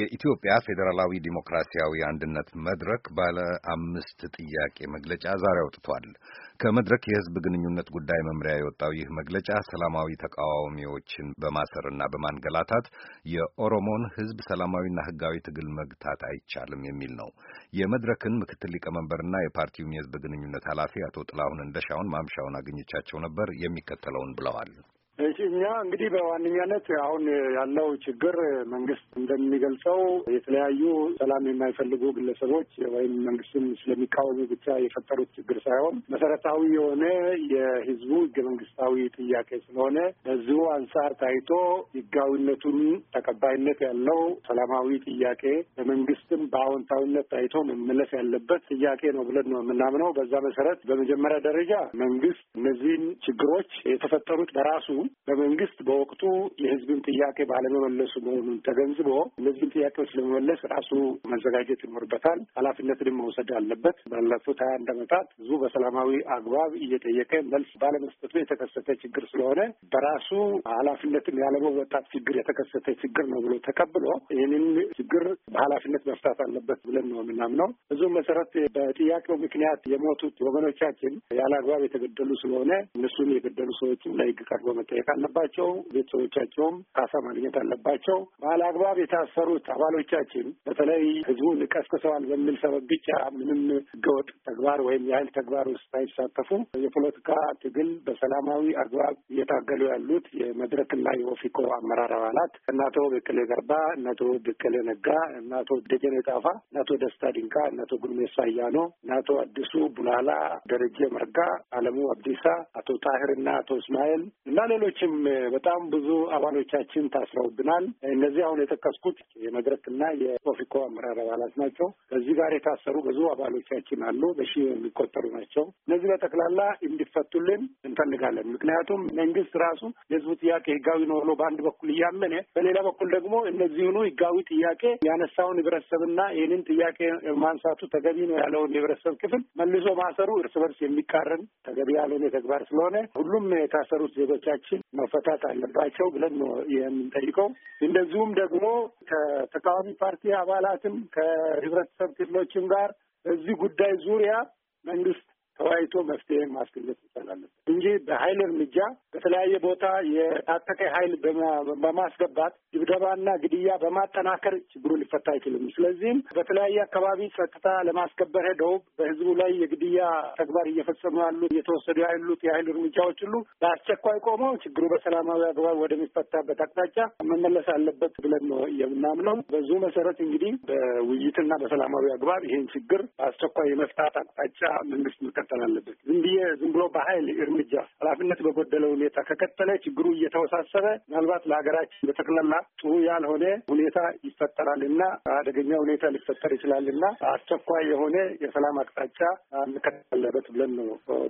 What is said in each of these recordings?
የኢትዮጵያ ፌዴራላዊ ዲሞክራሲያዊ አንድነት መድረክ ባለ አምስት ጥያቄ መግለጫ ዛሬ አውጥቷል። ከመድረክ የሕዝብ ግንኙነት ጉዳይ መምሪያ የወጣው ይህ መግለጫ ሰላማዊ ተቃዋሚዎችን በማሰርና በማንገላታት የኦሮሞን ሕዝብ ሰላማዊና ሕጋዊ ትግል መግታት አይቻልም የሚል ነው። የመድረክን ምክትል ሊቀመንበርና የፓርቲውን የሕዝብ ግንኙነት ኃላፊ አቶ ጥላሁን እንደሻውን ማምሻውን አግኝቻቸው ነበር። የሚከተለውን ብለዋል። እኛ እንግዲህ በዋነኛነት አሁን ያለው ችግር መንግስት እንደሚገልጸው የተለያዩ ሰላም የማይፈልጉ ግለሰቦች ወይም መንግስትን ስለሚቃወሙ ብቻ የፈጠሩት ችግር ሳይሆን መሰረታዊ የሆነ የህዝቡ ህገ መንግስታዊ ጥያቄ ስለሆነ በዚሁ አንጻር ታይቶ ህጋዊነቱን ተቀባይነት ያለው ሰላማዊ ጥያቄ በመንግስትም በአዎንታዊነት ታይቶ መመለስ ያለበት ጥያቄ ነው ብለን ነው የምናምነው። በዛ መሰረት በመጀመሪያ ደረጃ መንግስት እነዚህን ችግሮች የተፈጠሩት በራሱ በመንግስት በወቅቱ የህዝብን ጥያቄ ባለመመለሱ መሆኑን ተገንዝቦ እነዚህን ጥያቄዎች ለመመለስ ራሱ መዘጋጀት ይኖርበታል፣ ኃላፊነትን መውሰድ አለበት። ባለፉት ሀያ አንድ ዓመታት ህዝቡ በሰላማዊ አግባብ እየጠየቀ መልስ ባለመስጠቱ የተከሰተ ችግር ስለሆነ በራሱ ኃላፊነትን ያለመወጣት ችግር የተከሰተ ችግር ነው ብሎ ተቀብሎ ይህንን ችግር በኃላፊነት መፍታት አለበት ብለን ነው የምናምነው። ብዙ መሰረት በጥያቄው ምክንያት የሞቱት ወገኖቻችን ያለ አግባብ የተገደሉ ስለሆነ እነሱን የገደሉ ሰዎችም ለህግ ቀርቦ መጠየቃል አለባቸው። ቤተሰቦቻቸውም ካሳ ማግኘት አለባቸው። አግባብ የታሰሩት አባሎቻችን በተለይ ህዝቡን ቀስቅሰዋል በሚል ሰበብ ብቻ ምንም ህገወጥ ተግባር ወይም የኃይል ተግባር ውስጥ ሳይሳተፉ የፖለቲካ ትግል በሰላማዊ አግባብ እየታገሉ ያሉት የመድረክና የኦፊኮ አመራር አባላት እነ አቶ በቀለ ገርባ፣ እነ አቶ በቀለ ነጋ፣ እነ አቶ ደጀኔ ጣፋ፣ እነ አቶ ደስታ ዲንካ፣ እነ አቶ ጉርሜሳ አያኖ፣ እነ አቶ አዲሱ ቡላላ፣ ደረጀ መርጋ፣ አለሙ አብዲሳ፣ አቶ ታህርና አቶ እስማኤል እና ሌሎችም ሌሎችም በጣም ብዙ አባሎቻችን ታስረውብናል። እነዚህ አሁን የጠቀስኩት የመድረክና የኦፌኮ አመራር አባላት ናቸው። ከዚህ ጋር የታሰሩ ብዙ አባሎቻችን አሉ፣ በሺ የሚቆጠሩ ናቸው። እነዚህ በጠቅላላ እንዲፈቱልን እንፈልጋለን። ምክንያቱም መንግስት ራሱ የህዝቡ ጥያቄ ህጋዊ ነው ብሎ በአንድ በኩል እያመነ፣ በሌላ በኩል ደግሞ እነዚህኑ ህጋዊ ጥያቄ ያነሳውን ህብረተሰብና ይህንን ጥያቄ ማንሳቱ ተገቢ ነው ያለውን የህብረተሰብ ክፍል መልሶ ማሰሩ እርስ በርስ የሚቃረን ተገቢ ያልሆነ ተግባር ስለሆነ ሁሉም የታሰሩት ዜጎቻችን መፈታት አለባቸው ብለን ነው የምንጠይቀው። እንደዚሁም ደግሞ ከተቃዋሚ ፓርቲ አባላትም ከህብረተሰብ ክፍሎችም ጋር በዚህ ጉዳይ ዙሪያ መንግስት ተወያይቶ መፍትሄ ማስገኘት ይቻላለን እንጂ በኃይል እርምጃ በተለያየ ቦታ የታጠቀ ኃይል በማስገባት ድብደባና ግድያ በማጠናከር ችግሩ ሊፈታ አይችልም። ስለዚህም በተለያየ አካባቢ ጸጥታ ለማስከበር ሄደው በህዝቡ ላይ የግድያ ተግባር እየፈጸሙ ያሉ እየተወሰዱ ያሉት የኃይል እርምጃዎች ሁሉ በአስቸኳይ ቆመው ችግሩ በሰላማዊ አግባብ ወደሚፈታበት አቅጣጫ መመለስ አለበት ብለን ነው የምናምነው። በዙ መሰረት እንግዲህ በውይይትና በሰላማዊ አግባብ ይህን ችግር በአስቸኳይ የመፍታት አቅጣጫ መንግስት መቀ መቀጠል አለበት። ዝም ብዬ ዝም ብሎ በኃይል እርምጃ ኃላፊነት በጎደለ ሁኔታ ከቀጠለ ችግሩ እየተወሳሰበ ምናልባት ለሀገራችን በጠቅላላ ጥሩ ያልሆነ ሁኔታ ይፈጠራል እና አደገኛ ሁኔታ ሊፈጠር ይችላል እና አስቸኳይ የሆነ የሰላም አቅጣጫ እንከተለበት ብለን ነው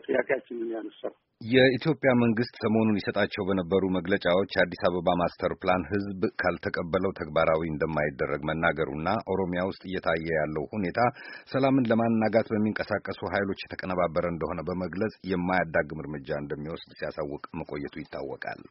ጥያቄያችን ያነሳው። የኢትዮጵያ መንግስት ሰሞኑን ይሰጣቸው በነበሩ መግለጫዎች አዲስ አበባ ማስተር ፕላን ህዝብ ካልተቀበለው ተግባራዊ እንደማይደረግ መናገሩና ኦሮሚያ ውስጥ እየታየ ያለው ሁኔታ ሰላምን ለማናጋት በሚንቀሳቀሱ ኃይሎች የተቀነባ የተቀነባበረ እንደሆነ በመግለጽ የማያዳግም እርምጃ እንደሚወስድ ሲያሳውቅ መቆየቱ ይታወቃል።